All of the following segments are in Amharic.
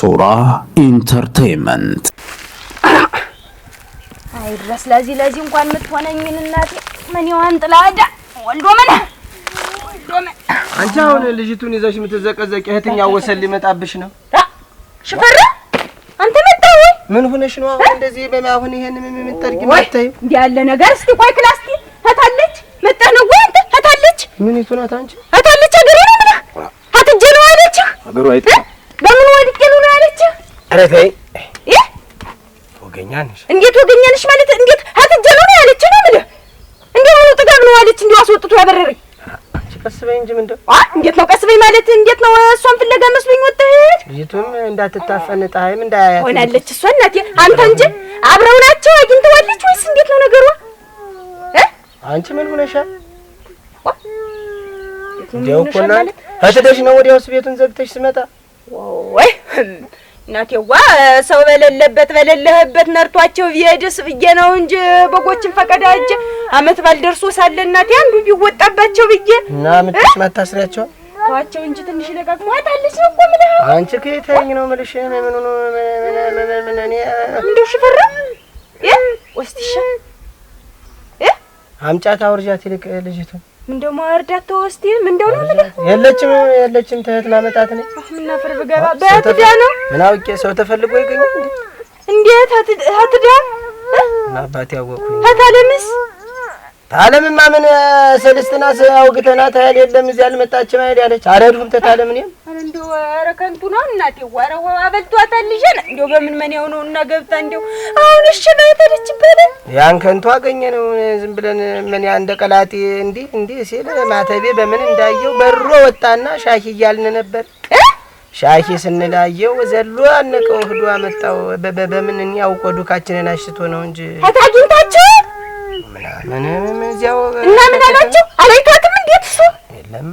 ሶራ ኢንተርቴይመንት። አይድረስ ለዚህ ለዚህ እንኳን የምትሆነኝን እናቴ ምን ይሆን ጥላዳ ወልዶ ምን አንቺ አሁን ልጅቱን ይዘሽ የምትዘቀዘቂ እህትኛ ወሰን ሊመጣብሽ ነው። ሽፈራ አንተ መጣ ወይ ምን ሆነሽ ነው አሁን እንደዚህ? በላ አሁን ይሄን ምን ምን መጣይ እንዲህ ያለ ነገር እስቲ ቆይ ክላስቲ ታታለች መጣ ነው ወይ አንተ ታታለች ምን ይቱናት አንቺ ታታለች አገሬ ነው ብለህ አትጀነው አይደች አገሩ አይጥ በምን ወድቄ ነው ያለችህ? ኧረ ተይ ወገኛ ነሽ። እንዴት ወገኛ ነሽ ማለት እንዴት አትጀ ነው ያለችህ ነው የምልህ። እንደው ምኑ ጥጋብ ነው አለች እንዲሁ አስወጥቶ ያበረረኝ። አንቺ ቀስ በይ እንጂ ምንድን አይ እንዴት ነው ቀስ በይ ማለት እንዴት ነው? እሷን ፍለጋ መስሎኝ ወጥተህ ልጅቱም እንዳትታፈን ፀሐይም እንዳያያት ሆናለች። እሷ እናቴ አንተ እንጂ አብረው ናቸው አግኝተዋለች ወይስ እንዴት ነው ነገሯ? አንቺ ምን ሆነሻል? እንዲያው እኮ እናንተ አትደሽ ነው ወዲያውስ ቤቱን ዘግተሽ ስመጣ ወይ እናቴዋ ሰው በሌለበት በሌለህበት ነርቷቸው ቢሄድስ ብዬ ነው እንጂ በጎችን ፈቀዳጅ አመት ባልደርሶ ሳለ እናቴ አንዱ ቢወጣባቸው ብዬ እና ምጥስ ማታስሪያቸው ተዋቸው እንጂ ትንሽ ይለቃቅሟታለች ነው እኮ ምን አንቺ ከየታኝ ነው ምልሽ ምን ምን ምን እንደው ሽፈራ እ አምጫት አውርጃት ይልቅ ልጅቱን እንደው ማርዳት ተወስቲ ምን እንደው ነው የምልህ። የለችም የለችም ተህት ላመጣት ነው ምን አፈር ብገባ በትዳ ነው ምን አውቄ ሰው ተፈልጎ ይገኛል እንዴት? አትዳ አባቴ ያወቅኩኝ ታታለምስ ታለምማ ምን ሰልስትና አውግተና ታያል የለም እዚህ አልመጣችም አይደል ያለች። ኧረ ድሩም ተታለምን ይም እንደው ኧረ ከንቱ ነው እናቴ። ወረ አበልቷታል ልጄን እንደው በምን ምን ያው ነው እና ገብታ እንደው አሁን እሺ ባይተልች በለ ያን ከንቱ አገኘ ነው ዝም ብለን ምን ያ እንደ ቀላጤ እንዲህ እንዲህ ሲል ማተቤ በምን እንዳየው በሮ ወጣና ሻሂ እያልን ነበር። ሻሂ ስንላየው ዘሎ አነቀው ህዶ አመጣው በበምን ያውቆ ዱካችንን አሽቶ ነው እንጂ ታታግኝታችሁ ምንም እዚያው እና ምን አላችሁ? አላይቷትም እንዴት እሱ የለም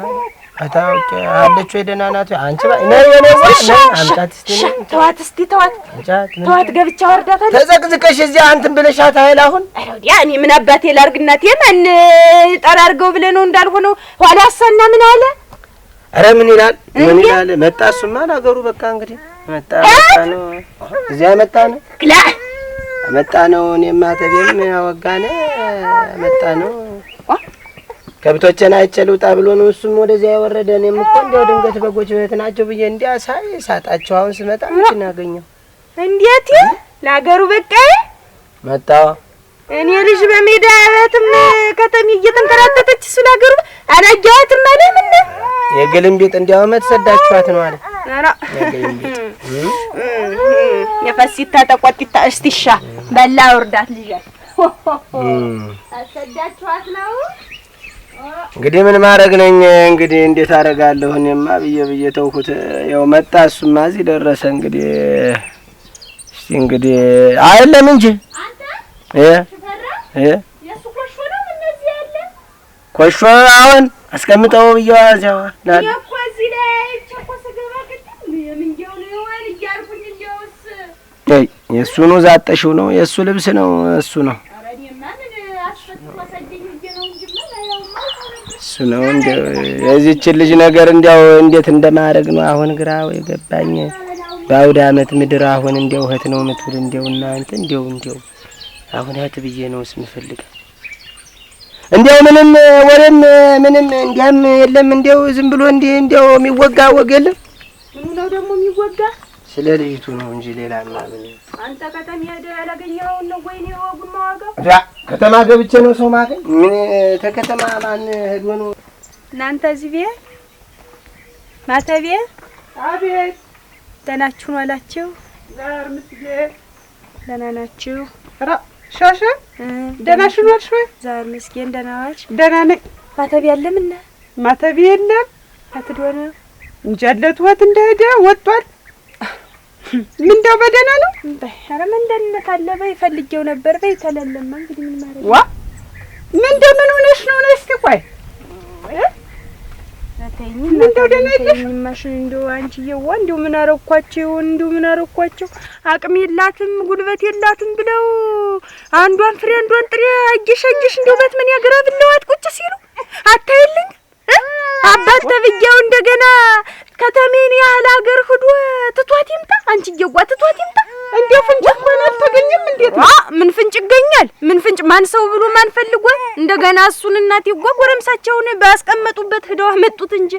ታውቂ አለች ወይ ደህና ናት? አንቺ አምጣት እስኪ ተዋት፣ እስኪ ተዋት፣ ተዋት ገብቻ ወርዳታል። ተዘቅዝቀሽ እዚያ አንትን ብለሻት አይል አሁን ያ እኔ ምን አባቴ ላድርግ እናቴ፣ ጠራርገው ብለህ ነው እንዳልሆነው ኋላ አሳና ምን አለ ኧረ ምን ይላል ምን ይላል መጣ። እሱማ ለአገሩ በቃ እንግዲህ መጣ ነው እዚያ መጣ ነው መጣ ነው። እኔማ ተቤም አወጋነ መጣ ነው። ከብቶችን አይቼ ልውጣ ብሎ ነው እሱም ወደዚያ የወረደ። እኔም እኮ እንዲያው ድንገት በጎች በት ናቸው ብዬ እንዲያ ሳይ ሳጣቸው፣ አሁን ስመጣ ምችን አገኘው። እንዴት ለአገሩ በቃዬ መጣ። እኔ ልጅ በሜዳ እህትም ከተሚ እየተንከራተተች እሱ ለአገሩ አላየኋትም አለ። ምን የግልም ቤት እንዲያው መት ሰዳችኋት ነው አለ ቤት የፋሲታ ተቆጥታ እስቲሻ በላ ውርዳት ልጅ አሰዳችኋት ነው እንግዲህ ምን ማድረግ ነኝ እንግዲህ እንዴት አደርጋለሁ? እኔማ ብዬ ብዬ ተውኩት። ያው መጣ፣ እሱማ እዚህ ደረሰ። እንግዲህ እስቲ እንግዲህ አይደለም እንጂ ኮሾ አሁን አስቀምጠው ብዬዋ እዚያዋ ናል የእሱ ነው ዛጠሽው ነው የእሱ ልብስ ነው እሱ ነው እሱ ነው። እንደ የዚች ልጅ ነገር እንዲያው እንዴት እንደማድረግ ነው አሁን ግራ ወይ ገባኝ። በአውደ አመት ምድር አሁን እንዲያው እህት ነው ምትል እንዲያው እናንተ እንዲያው እንዲያው አሁን እህት ብዬ ነው ስምፈልግ እንዲያው ምንም ወሬም ምንም እንዲያም የለም። እንዲያው ዝም ብሎ እንዲህ እንዲያው የሚወጋ ወግ የለም። ምኑ ነው ደግሞ የሚወጋ ስለ ልጅቱ ነው እንጂ ሌላ ምናምን። አንተ ከተማ ሄደህ ያላገኘኸውን ነው ወይ ነው ወጉን ማዋጋው? ዳ ከተማ ገብቼ ነው ሰው ማገኝ? ምን ተከተማ ማን ሄዶ ነው? እናንተ እዚህ ቤ ማተቤ አቤት፣ ደህናችሁ ነው አላችሁ? ዛር ምትጌ ደህና ናችሁ? ራ ሻሸ ደህናሽ ነው አልሽ ወይ? ዛር ምስጌን ደህና ዋልሽ? ደህና ነኝ። ማተቤ አለምና ማተቤ የለም አትዶነ እንጃለት ወት እንደሄደ ወጥቷል። ምንዳው በደህና ነው? ኧረ ምንደነት አለ በይ ፈልጌው ነበር በይ ተለለማ እንግዲህ ምን ማለት ዋ ምንደ ምን ሆነሽ ነው እስኪ ቆይ ደህና ነሽ? ማሽ እንደው አንቺዬ ዋ እንደው ምን አረኳቸው እንደው ምን አረኳቸው አቅም የላትም ጉልበት የላትም ብለው አንዷን ፍሬ አንዷን ጥሬ አየሽ እንደው በት ምን ያገራ ብለዋት ቁጭ ሲሉ አታይልኝ አባት ተብዬው እንደገና ከተሜን ያህል አገር ሂዶ ትቷት ይምጣ። አንቺ እየጓ ትቷት ይምጣ። እንዴ ፍንጭ እንኳን አታገኝም። እንዴት አ ምን ፍንጭ ይገኛል? ምን ፍንጭ? ማን ሰው ብሎ ማን ፈልጎ እንደገና እሱን እናት ይጓ ጎረምሳቸውን ባስቀመጡበት ሂደው አመጡት እንጂ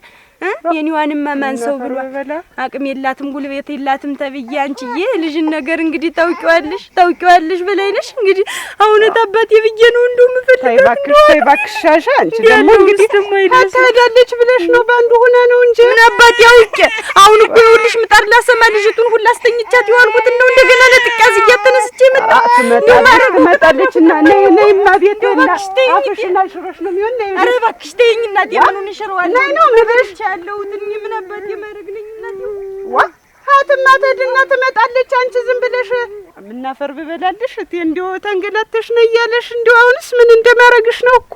የኒዋንም ማማን ሰው ብሏል። አቅም የላትም ጉልበት የላትም ተብዬ አንቺዬ ልጅን ነገር እንግዲህ ታውቂዋለሽ ታውቂዋለሽ በላይነሽ እንግዲህ አሁነት አባቴ ብዬ ነው እንዶ የምፈልገው። ተይ እባክሽ ተይ እባክሽ አንቺ ደግሞ እንግዲህ አታዳለች ብለሽ ነው በአንዱ ሆና ነው እንጂ ምን አባቴ አውቄ አሁን እኮ ይኸውልሽ ምጣድ ላሰማ ልጅቱን ሁላ አስተኝቻት የዋልኩትን ነው እንደገና ለጥቃዝ እያተነስቼ መጣ ትመጣለች እና ነይ ነይማ ቤት ይኸውልሽ አፍሽና ሽሮሽ ነው የሚሆን ነይ። ኧረ እባክሽ ተይኝ እናቴ ምን እንሽረዋለን ነይ ነው ምብሽ ያለሁት እኔ ምን አባቴ ማድረግ ነኝ እናቴ። ዋ ሀትማ ተድና ትመጣለች። አንቺ ዝም ብለሽ ምናፈር ብበላልሽ እቴ እንዲያው ተንገላተሽ ነው እያለሽ እንዲያው አሁንስ ምን እንደማረግሽ ነው እኮ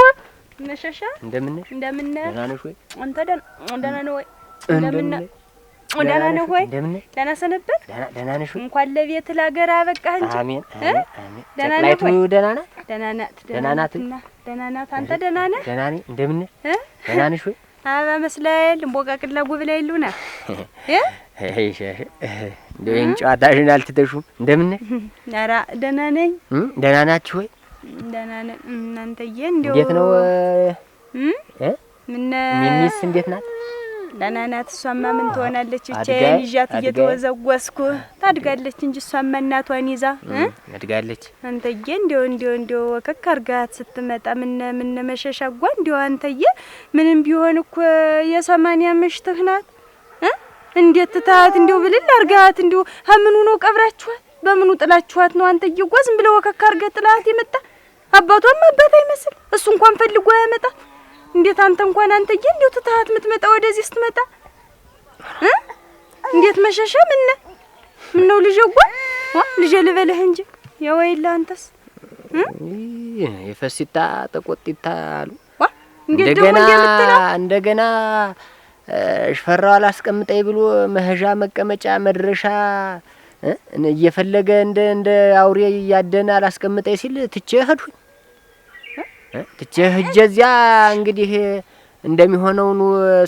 ነሸሻ። እንደምን እንደምን ደህና ነሽ ወይ አንተ? ደህና ነው ወይ እንደምን ደህና ነህ ወይ? ደህና ሰነበት። ደህና ነሽ ወይ? እንኳን ለቤት ለሀገር አበቃህ እንጂ። አሜን አሜን። ደህና ነህ ወይ? ደህና ናት። ደህና ናት። ደህና ናት። አንተ ደህና ነህ? ደህና ነኝ። እንደምን ነህ? ደህና ነሽ ወይ? አበባ መስላል እንቦቃቅላ ጉብ ላይ ሉና ይህን ጨዋታሽን አልትተሹም እንደምን ኧረ ደህና ነኝ። ደህና ናችሁ ወይ? ደህና ነን እናንተዬ። እንዴት ነው ሚሚስ? እንዴት ናት? ለናናት ናት። እሷማ ምን ትሆናለች? ብቻዬን ይዣት እየተወዘወስኩ ታድጋለች እንጂ እሷማ እናቷን ይዛ አድጋለች። አንተዬ እንዲያው እንዲያው እንዲያው ወከክ አድርጋት ስትመጣ ምን ምን መሸሻጓ እንዲያው አንተዬ ምንም ቢሆን እኮ የሰማንያ ምሽትህ ናት። እንዴት ትታት እንዲያው ብልል አርጋት እንዲያው ከምኑ ነው ቀብራችኋት? በምኑ ጥላችኋት ነው? አንተዬ እኮ ዝም ብለህ ወከክ አድርገህ ጥላት የመጣ አባቷም አባት አይመስል እሱ እንኳን ፈልጎ ያመጣት እንዴት አንተ እንኳን አንተ አንተዬ እንዴት ትተሃት ምትመጣ ወደዚህ ስትመጣ እንዴት መሸሸ? ምን ምን ነው ልጄ? ጓ ልጅ ልበልህ እንጂ ያ ወይላ አንተስ የፈሲታ ተቆጥታ አሉ። እንደገና እንደገና ሽፈራው አላስቀምጠኝ ብሎ መሄዣ መቀመጫ መድረሻ እየፈለገ እንደ እንደ አውሬ እያደነ አላስቀምጠኝ ሲል ትቼ ሄድሁኝ። ትቼ ሂጄ እዚያ እንግዲህ እንደሚሆነውን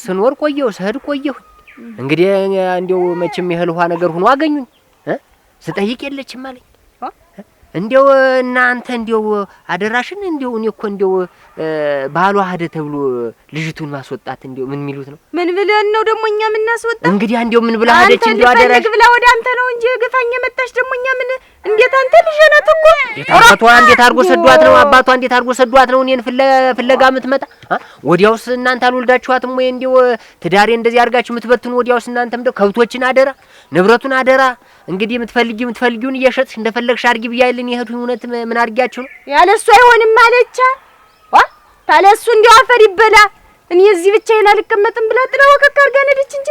ስኖር ቆየሁ፣ ስሄድ ቆየሁ። እንግዲህ እንዲያው መቼም ያህል ውሃ ነገር ሆኖ አገኙኝ። ስጠይቅ የለችም አለኝ። እንዲያው እናንተ እንዲያው አደራሽን እንዲያው እኔ እኮ እንዲያው ባሏ ሄደ ተብሎ ልጅቱን ማስወጣት እንዲያው ምን የሚሉት ነው? ምን ብለን ነው ደግሞ እኛ የምናስወጣ? እንግዲህ እንዲያው ምን ብላ ሄደች? እንዲያው አደራሽ ብላ ወደ አንተ ነው እንጂ ግፋኝ የመጣች ደግሞ እኛ ምን እንዴት አንተ ልጅ ናት እኮ አባቷ እንዴት አድርጎ ሰዷት ነው አባቷ እንዴት አድርጎ ሰዷት ነው እኔን ፍለጋ የምትመጣ? ወዲያውስ እናንተ አልወልዳችኋትም ወይ? እንዲያው ትዳሬ እንደዚህ አድርጋችሁ የምትበትኑ ወዲያውስ እናንተም ደው ከብቶችን አደራ ንብረቱን አደራ እንግዲህ የምትፈልጊ የምትፈልጊውን እየሸጥሽ እንደፈለግሽ አድርጊ ብያይልን የሄድኩኝ እውነት ምን አድርጊያችሁ ነው? ያለሱ አይሆንም አለቻ ታለሱ እንዲያፈር ይበላ እኔ እዚህ ብቻዬን አልቀመጥም ብላ ጥላ ወከክ አድርጋ ነደች እንጂ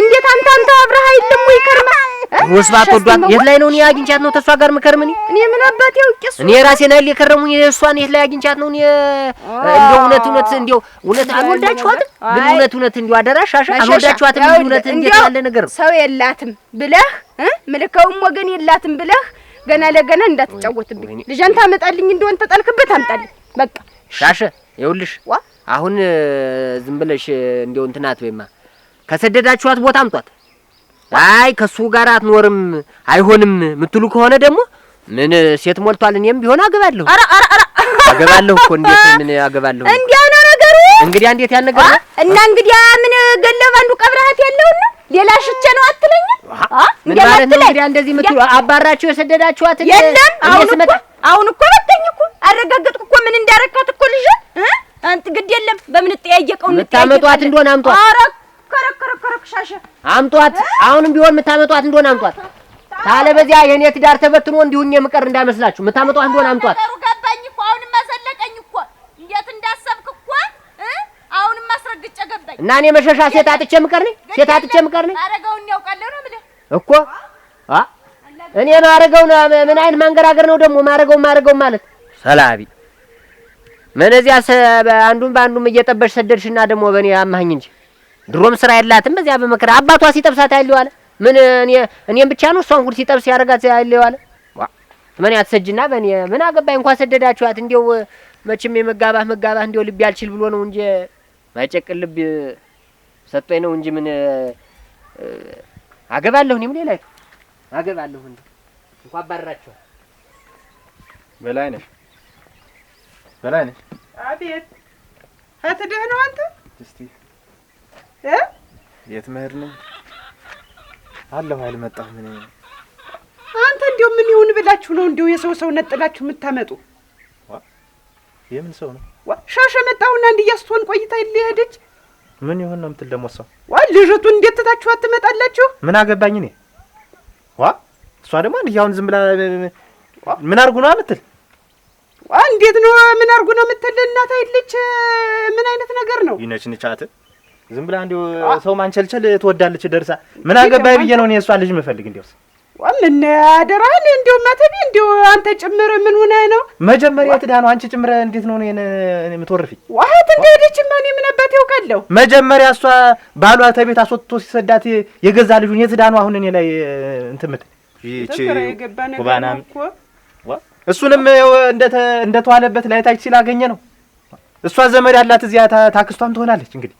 እንዴት አንተ አንተ አብረህ አይደለም ወይ ከርማ ወስባት ወዷት የት ላይ ነው? እኔ አግኝቻት ነው ተሷ ጋር ምከርምኒ እኔ ምን አባቴ ያውቄ እሱ እኔ ራሴን አይደል የከረሙኝ እሷን የት ላይ አግኝቻት ነው? እኔ እንደው እውነት እውነት እንደው እውነት አልወዳችኋት ግን እውነት እውነት እንደው አደራሽ አሻ አልወዳችኋት ምን እውነት እንዴት ያለ ነገር ሰው የላትም ብለህ ምልከውም ወገን የላትም ብለህ ገና ለገና እንዳትጫወትብኝ ልጅ አንተ አመጣልኝ እንደሆነ ተጣልክበት አምጣልኝ በቃ ሻሸ ይኸውልሽ አሁን ዝም ብለሽ እንዲያው እንትን አትበይማ። ከሰደዳችኋት ቦታ አምጧት። አይ ከሱ ጋር አትኖርም አይሆንም ምትሉ ከሆነ ደግሞ ምን ሴት ሞልቷል። እኔም ቢሆን አገባለሁ። አረ አረ አረ አገባለሁ እኮ እንዴት ምን አገባለሁ? እንዲያ ነው ነገሩ። እንግዲያ እንዴት ያለ ነገር እና እንግዲያ ምን ገለብ አንዱ ቀብረሃት ያለውና ሌላ ሽቼ ነው አትለኝ። ምን ማለት ነው እንግዲያ? እንደዚህ ምትሉ አባራችሁ የሰደዳችኋት የለም። አሁን እኮ አሁን እኮ በተኝ እኮ አረጋገጥኩ እኮ ምን እንዳረካት እኮ ልጅ አንተ ግድ የለም በምን ጠያየቀው የምታመጧት እንደሆነ አምጧት። ኧረ ከረከረ ከረክሻሽ አምጧት። አሁንም ቢሆን የምታመጧት እንደሆነ አምጧት። ታለ በዚያ የኔ ትዳር ተበትኖ እንዲሁኝ የምቀር እንዳይመስላችሁ። የምታመጧት እንደሆነ አምጧት። ጥሩ ገባኝ እኮ አሁንም አሰለቀኝ እኮ እንዴት እንዳሰብክ እኮ አሁንም አስረግጬ ገባኝ። እና እኔ መሸሻ ሴት አጥቼ የምቀር ነኝ? ሴት አጥቼ የምቀር ነኝ? አረጋውን ያውቃለሁ ነው የምልህ እኮ እኔ ማረገው ምን አይነት ማንገራገር ነው ደግሞ ማረገው ማረገው ማለት ሰላቢ መነዚያ አንዱን በአንዱም እየጠበሽ ሰደድሽና ደግሞ በእኔ አማኝ እንጂ ድሮም ስራ የላትም። በዚያ በመከራ አባቷ ሲጠብሳት አለ ምን እኔ እኔም ብቻ ነው እሷን ሁል ሲጠብስ ያደርጋት ያለዋለ ምን ያትሰጅና በእኔ ምን አገባኝ። እንኳን ሰደዳችኋት እንዲው መቼም የመጋባህ መጋባህ እንዲው ልብ ያልችል ብሎ ነው እንጂ ማይጨቅል ልብ ሰጥቶኝ ነው እንጂ ምን አገባለሁ። እኔም ሌላ አገባለሁ እንዴ እንኳ አባራቸው በላይ ነሽ ደህና ነኝ። አቤት አትድህ ነው አንተ። እስቲ የት መሄድ ነው አለሁ አልመጣሁ። ምን አንተ እንዲያው ምን ይሁን ብላችሁ ነው እንዲያው የሰው ሰው ነጥላችሁ የምታመጡ? የምን ሰው ነው? ሻሸ መጣሁና እንዲህ ቆይታ የለሄደች ምን ይሁን ነው የምትል ደግሞ ሰው ዋ ልጅቱን እንዴት ትታችሁ አትመጣላችሁ? ምን አገባኝ እኔ ዋ እሷ ደግሞ እንዲህ አሁን ዝም ብላ ምን አድርጉ ነው የምትል እንዴት ነው? ምን አድርጉ ነው የምትልህ? እናት አይልች ምን አይነት ነገር ነው? ይነች ንቻት ዝም ብላ እንዲሁ ሰው ማንቸልቸል ትወዳለች። ደርሳ ምን አገባይ ብዬ ነው እኔ እሷን ልጅ የምፈልግ እንዲያውስ ምን አደራህን እንዲሁ መተቢ እንዲሁ አንተ ጭምር ምን ሆነህ ነው? መጀመሪያ ትዳ ነው አንቺ ጭምር እንዴት ነው እኔን የምትወርፊኝ? ዋህት እንደሄደች ማን የምነበት አባቴ ያውቃለሁ። መጀመሪያ እሷ ባሏ ተቤት አስወጥቶ ሲሰዳት የገዛ ልጁን የትዳ ነው አሁን እኔ ላይ እንትምት ይቺ ባናም እሱንም እንደተዋለበት ላይታች ስላገኘ ነው። እሷ ዘመድ ያላት እዚያ ታክስቷም ትሆናለች። እንግዲህ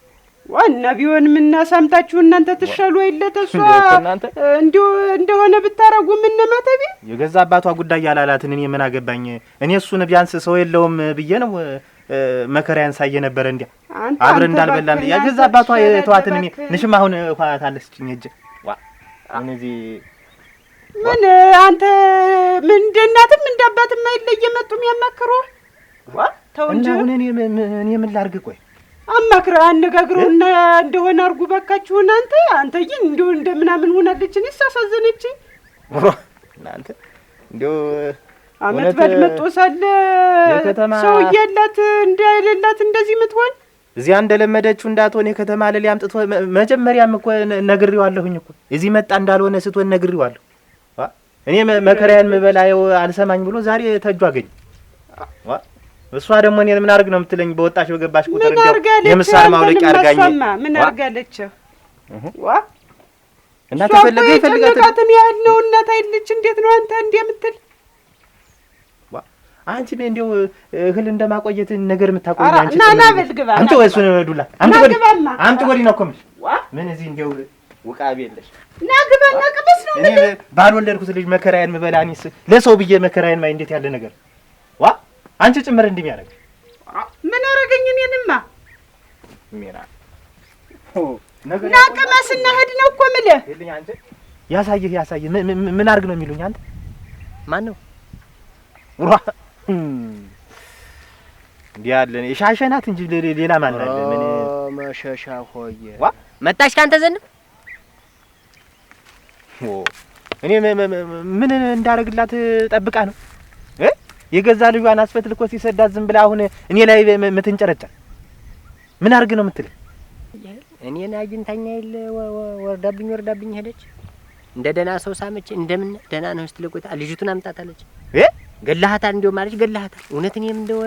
ዋና ቢሆን ምና የምናሳምታችሁ እናንተ ትሻሉ ወይለት እሷ እንደሆነ ብታረጉ ምንመተቢ የገዛ አባቷ ጉዳይ ያላላትን እኔ ምን አገባኝ? እኔ እሱን ቢያንስ ሰው የለውም ብዬ ነው መከራያን ሳየ ነበረ እንዲያ አብረን እንዳልበላ የገዛ አባቷ የተዋትን እኔ ንሽም አሁን ኋታለስችኝ ታለስችኝ እጅ እነዚህ ምን አንተ ምን እንደ እናትም እንደ አባትም አይደለ እየመጡ የሚያማክሩ ተው እንጂ። እኔ ምን ላድርግ? ቆይ አማክረ እና እንደሆነ አድርጉ ባካችሁን። አንተ አንተ ግን እንዲሁ እንደምናምን ሆናለች። እኔስ አሳዘነችኝ። እናንተ እንዲሁ አመት በል መጦ ሳለ ሰው እያላት እንደሌላት እንደዚህ ምትሆን እዚያ እንደለመደችው እንዳትሆን የከተማ ለሊያምጥቶ መጀመሪያም እኮ ነግሬዋለሁኝ እኮ እዚህ መጣ እንዳልሆነ ስትሆን ነግሬዋለሁ። እኔ መከራዬን የምበላየው አልሰማኝ ብሎ ዛሬ ተጁ አገኝ። እሷ ደግሞ እኔን ምን አድርግ ነው የምትለኝ? በወጣች በገባች ቁጥር እንደው የምሳር ማውለቂያ አድርጋኝ። ምን አድርጋለች? እና ተፈለገ ይፈልጋትም ያህል ነው እናት አይልች። እንዴት ነው አንተ እንዲህ የምትል አንቺ እንዲያው እህል እንደማቆየት ነገር የምታቆይ አንቺ። ና ና በል ግባ። አምጥ ወይ እሱን ዱላ አምጥ። ወዲህ ነው እኮ የምልሽ ምን እዚህ እንዲያው ውቃቢ የለሽ ናግበና ቅበስ ነው። እኔ ባልወለድኩት ልጅ መከራዬን ምበላ እኔስ ለሰው ብዬ መከራዬን ማይ እንዴት ያለ ነገር ዋ አንቺ ጭምር እንደሚያደርግ ምን አረገኝ? እኔንማ ሚራ እና ሂድ ነው እኮ የምልህ። ያሳየህ ያሳየህ ምን አድርግ ነው የሚሉኝ? አንተ ማን ነው እንዲህ ያለ የሻሸናት እንጂ ሌላ ማን አለ? ምን መሸሻ ሆየ መጣሽ ካንተ ዘንድ እኔ ምን እንዳደርግላት ጠብቃ ነው የገዛ ልጇን አስፈት ልኮ ሲሰዳት ዝም ብላ አሁን እኔ ላይ ምትንጨረጨር ምን አድርግ ነው የምትል? እኔን አግኝታኛ ይል ወርዳብኝ ወርዳብኝ ሄደች። እንደ ደህና ሰው ሳመች። እንደምን ደህና ነው ስትለቆታ ልጅቱን አምጣታለች። ገላሃታል። እንዲሁ ማለች ገላሃታል። እውነት እኔም እንደው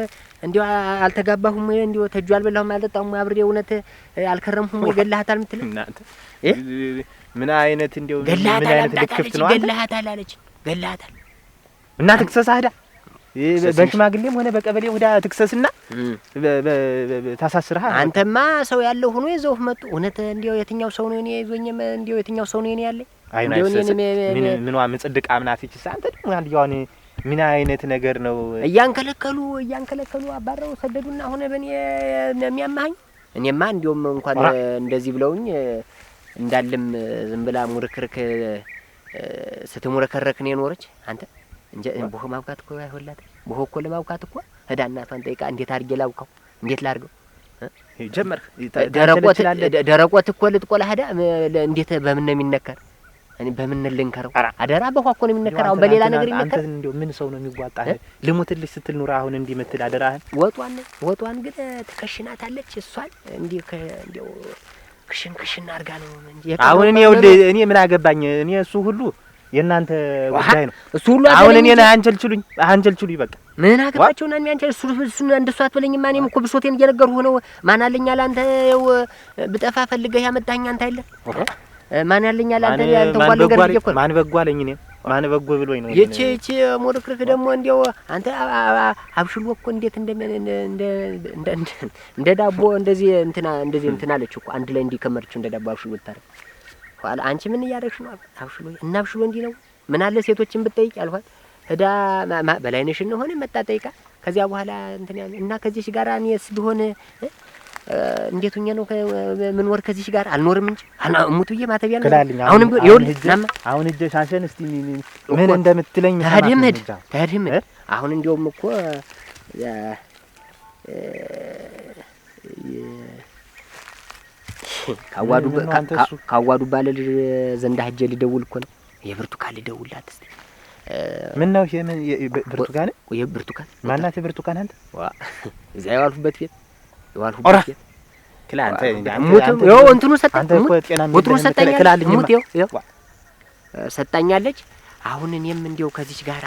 እንዲሁ አልተጋባሁም ወይ እንዲሁ ተጁ አልበላሁም አልጠጣሁም አብሬ እውነት አልከረምሁም ወይ ገላሃታል እናንተ ምን አይነት እንዲሁ ምን አይነት ልክፍት ነው? ገላሃታል አለች። ገላሃታል እና ትክሰሳ ሄዳ በሽማግሌም ሆነ በቀበሌ ወዳ ትክሰስና ታሳስርሃ። አንተማ ሰው ያለው ሆኖ ይዘውህ መጡ። እውነት እንዲሁ የትኛው ሰው ነው እኔ ይዞኝም እንዲሁ የትኛው ሰው ነው እኔ ያለኝ? አይ ምን ምን ጽድቅ አምናት ይችሳ አንተ ደግሞ አንድ ምን አይነት ነገር ነው? እያንከለከሉ እያንከለከሉ አባረው ሰደዱና ሆነ በእኔ የሚያማኝ እኔማ እንዲሁም እንኳን እንደዚህ ብለውኝ እንዳልም ዝም ብላ ሙርክርክ ስትሙረከረክ ነው የኖረች። አንተ እንጀ ቡሆ ማብቃት እኮ አይሆላት። ቡሆ እኮ ለማብቃት እኮ እዳ እናቷን ጠይቃ እንዴት አድርጌ ላብቃው? እንዴት ላድርገው? ጀመርክ ደረቆት ደረቆት እኮ ልትቆላ ሄዳ እንዴት በምን ነው የሚነከር? እኔ በምን ልንከረው? አደራ በኋላ ነው የሚነከረው። በሌላ ነገር ይነከረ። አንተ እንደው ምን ሰው ነው የሚዋጣ? ልሙትልሽ ስትል ኑራ አሁን እንዲህ ምትል አደራህን። ወጧን ወጧን ግን ትከሽናታለች። እሷን እንዲህ እንዴው ክሽን ክሽን አድርጋ ነው እንጂ አሁን እኔ ይኸውልህ፣ እኔ ምን አገባኝ? እኔ እሱ ሁሉ የእናንተ ጉዳይ ነው። እሱ ሁሉ አሁን እኔ አንቸልችሉኝ አንቸልችሉኝ በቃ ምን አገባቸውና እኔ አንቸል እሱ እሱ እንደሱ አትበለኝ። ማን እኮ ብሶቴን እየነገርኩህ ነው። ማን አለኛል? አንተ ብጠፋ ፈልገህ ያመጣኸኝ አንተ አይደል ማን ያለኛል አንተ ያንተ እንኳን ነገር ይጀኮ ማን በጓለኝ ነው ማን በጎ ብሎኝ ነው። ይቺ ይቺ ሞርክርክ ደግሞ እንዲያው አንተ አብሽሎ እኮ እንዴት እንደ እንደ እንደ እንደ ዳቦ እንደዚህ እንትና እንደዚህ እንትና አለች እኮ አንድ ላይ እንዲከመረችው እንደ ዳቦ አብሽሎ ታረ ኋላ አንቺ ምን እያደረግሽ ነው? አብሽሎ እና አብሽሎ እንዲህ ነው። ምን አለ ሴቶችን ብትጠይቅ አልኋት። እዳ በላይነሽ ነው ሆነ መጣ ጠይቃ ከዚያ በኋላ እንትን እና ከዚህ ጋር እኔስ ቢሆን እንዴት ሆኜ ነው ምን ወር ከዚህ ጋር አልኖርም እንጂ ሙቱዬ ማተቢያ ነው። አሁንም ቢሆን ይኸውልህ ናማ አሁን እጄ ሻሸን እስቲ ምን እንደምትለኝ ታድምድ ታድምድ። አሁን እንዲያውም እኮ ካዋዱ ካዋዱ ባለ ዘንዳ ሂጅ ልደውል እኮ ነው የብርቱካን ልደውልላት እስቲ ምን ነው ይሄ ብርቱካን? ወይ ብርቱካን ማናት ብርቱካን? አንተ ዋ እዚያ ያዋልኩበት ቤት ሰጣኛለች። አሁን እኔም እንዲያው ከዚች ጋር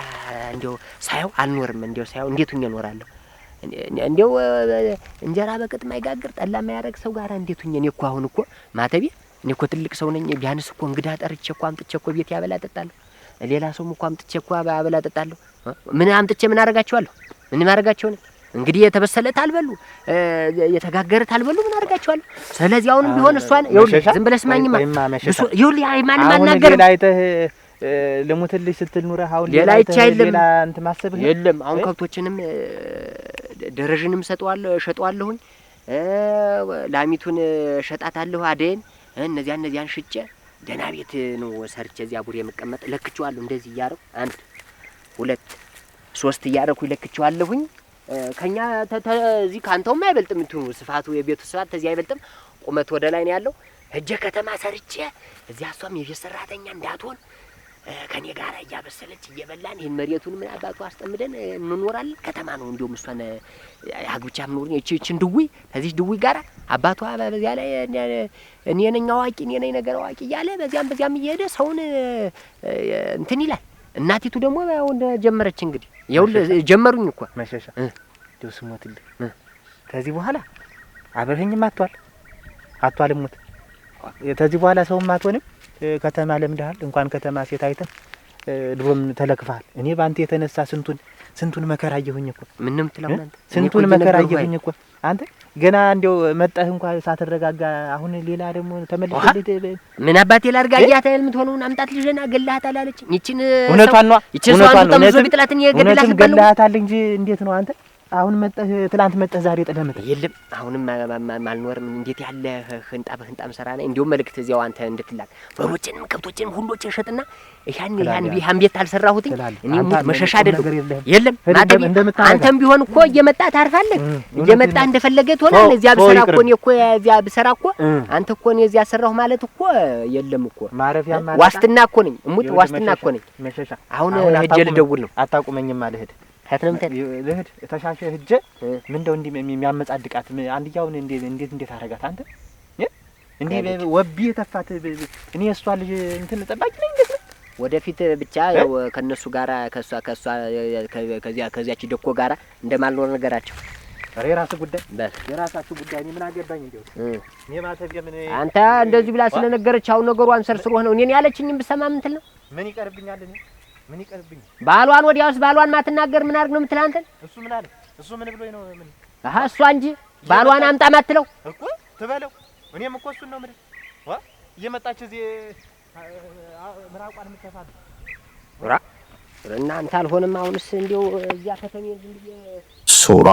እንዲያው ሳየው አልኖርም። እንዲያው ሳየው እንዴት ሁኜ እኖራለሁ? እንዲያው እንጀራ በቅጥ ማይጋግር ጠላ ማያረግ ሰው ጋር እንዴት ሁኜ እኔ እኮ አሁን እኮ ማተቤ እኔ እኮ ትልቅ ሰው ነኝ። ቢያንስ እኮ እንግዳ ጠርቼ እኮ አምጥቼ እኮ ቤት ያበላ ጠጣለሁ። ሌላ ሰውም እኮ አምጥቼ እኮ አበላ ጠጣለሁ። ምን አምጥቼ ምን ምን ነኝ እንግዲህ የተበሰለ ታልበሉ የተጋገረ ታልበሉ ምን አድርጋቸዋለሁ? ስለዚህ አሁንም ቢሆን እሷን ይኸውልህ፣ ዝም ብለህ ስማኝማ፣ ይኸውልህ ማንም አናገርም ልሙትልሽ ስትል ኑረህ አሁን ሌላ ይቻ የለም እንትን ማሰብህ የለም። አሁን ከብቶችንም ደረዥንም ሰጠዋለሁ እሸጠዋለሁኝ፣ ላሚቱን እሸጣታለሁ፣ አደይን እነዚያ እነዚያን ሽጬ ደህና ቤት ነው ሰርቼ እዚያ ቡሬ የምቀመጥ ለክቼዋለሁ። እንደዚህ እያደረኩ አንድ ሁለት ሶስት እያደረኩ ለክቼዋለሁኝ። ከኛ እዚህ ከአንተውም አይበልጥም። እንትኑ ስፋቱ የቤቱ ስፋት ተዚህ አይበልጥም። ቁመት ወደ ላይ ነው ያለው። እጀ ከተማ ሰርቼ እዚያ እሷም የቤት ሰራተኛ እንዳትሆን ከኔ ጋር እያበሰለች እየበላን ይህን መሬቱን ምን አባቱ አስጠምደን እንኖራለን። ከተማ ነው እንዲሁም እሷን አግብቻ ምኖር ችን ድዊ ከዚህ ድዊ ጋር አባቷ በዚያ ላይ እኔ ነኝ አዋቂ እኔ ነኝ ነገር አዋቂ እያለ በዚያም በዚያም እየሄደ ሰውን እንትን ይላል። እናቲቱ ደግሞ እንደ ጀመረች እንግዲህ ይኸውልህ ጀመሩኝ እኮ መሸሻ እንደው ስሞትልህ ከዚህ በኋላ አብረኸኝም አቷል አቷል ሞት ከዚህ በኋላ ሰውም አትሆንም። ከተማ ለምደሃል። እንኳን ከተማ ሴት አይተህ ድሮም ተለክፈሃል። እኔ በአንተ የተነሳ ስንቱን ስንቱን መከራ አየሁኝ እኮ ምንም ትላንት ስንቱን መከራ አየሁኝ እኮ አንተ ገና እንደው መጣህ እንኳን ሳትረጋጋ አሁን ሌላ ደግሞ ተመልሰልህ ምን አባቴ ላድርግ? አያት አይደል አምጣት ልጅና ገላሃት አላለችኝ? ይቺን እውነቷን ነው። ይቺን ሰው አንተ ምዞ ቢጥላትን የገድላት ገላሃት እንጂ እንዴት ነው አንተ አሁን መጠህ ትላንት መጠህ ዛሬ ጠደምተ የለም። አሁንም አልኖርም። እንዴት ያለ ህንጣ በህንጣም ምሰራ ላይ እንዲሁም መልእክት እዚያው አንተ እንድትላክ በሮችንም ከብቶችንም ሁሎችን ሸጥና ያን ያን ቢሃን ቤት አልሰራሁትኝ እኔ ሙት መሸሻ አይደለም። የለም ማደብ አንተም ቢሆን እኮ እየመጣ ታርፋለህ። እየመጣ እንደፈለገ ትሆናለህ። እዚያ ብሰራ እኮ እኔ እኮ እዚያ ብሰራ እኮ አንተ እኮ እኔ እዚያ ሰራሁ ማለት እኮ የለም እኮ ማረፊያ ማለት ዋስትና እኮ ነኝ። ሙት ዋስትና እኮ ነኝ። መሸሻ አሁን ሂጅ ልደውል ነው። አታቁመኝም አልሄድ ልሂድ ተሻሸ ምን እንደው የሚያመጻድቃት አንድያውን እንዴት እንዴት አንተ ወቢ የተፋት እኔ እሷ ልጅ እንትን ጠባቂ ነኝ ወደፊት ብቻ ያው ከነሱ ጋራ ከሷ ከሷ ከዚያ ከዚያች ደኮ ጋራ እንደማልኖር ነገራቸው። ኧረ ጉዳይ በል የራሳችሁ ጉዳይ። እኔ ምን አገባኝ? እንዴ እኔ ማሰብ የምን አንተ እንደዚህ ብላ ስለነገረች አሁን ነገሩ አንሰርስሮህ ነው። እኔ ያለችኝም ብሰማ ነው ምን ይቀርብኛል እኔ ምን ይቀርብኝ? ባሏን ወዲያውስ ባሏን ማትናገር ምን አርግ ነው የምትል አንተን? እሱ ምን አለ? እሱ ምን ብሎኝ ነው? ምን አሀ እሷ እንጂ ባሏን አምጣ ማትለው እኮ ትበለው። እኔም እኮ እሱን ነው የምልህ። ዋ እየመጣች እዚህ ምራቋን የምትተፋት ራ እናንተ አልሆንም። አሁንስ እንዲያው እዚያ ከተሜ ዝም ብዬ ሱራ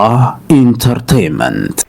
ኢንተርቴይንመንት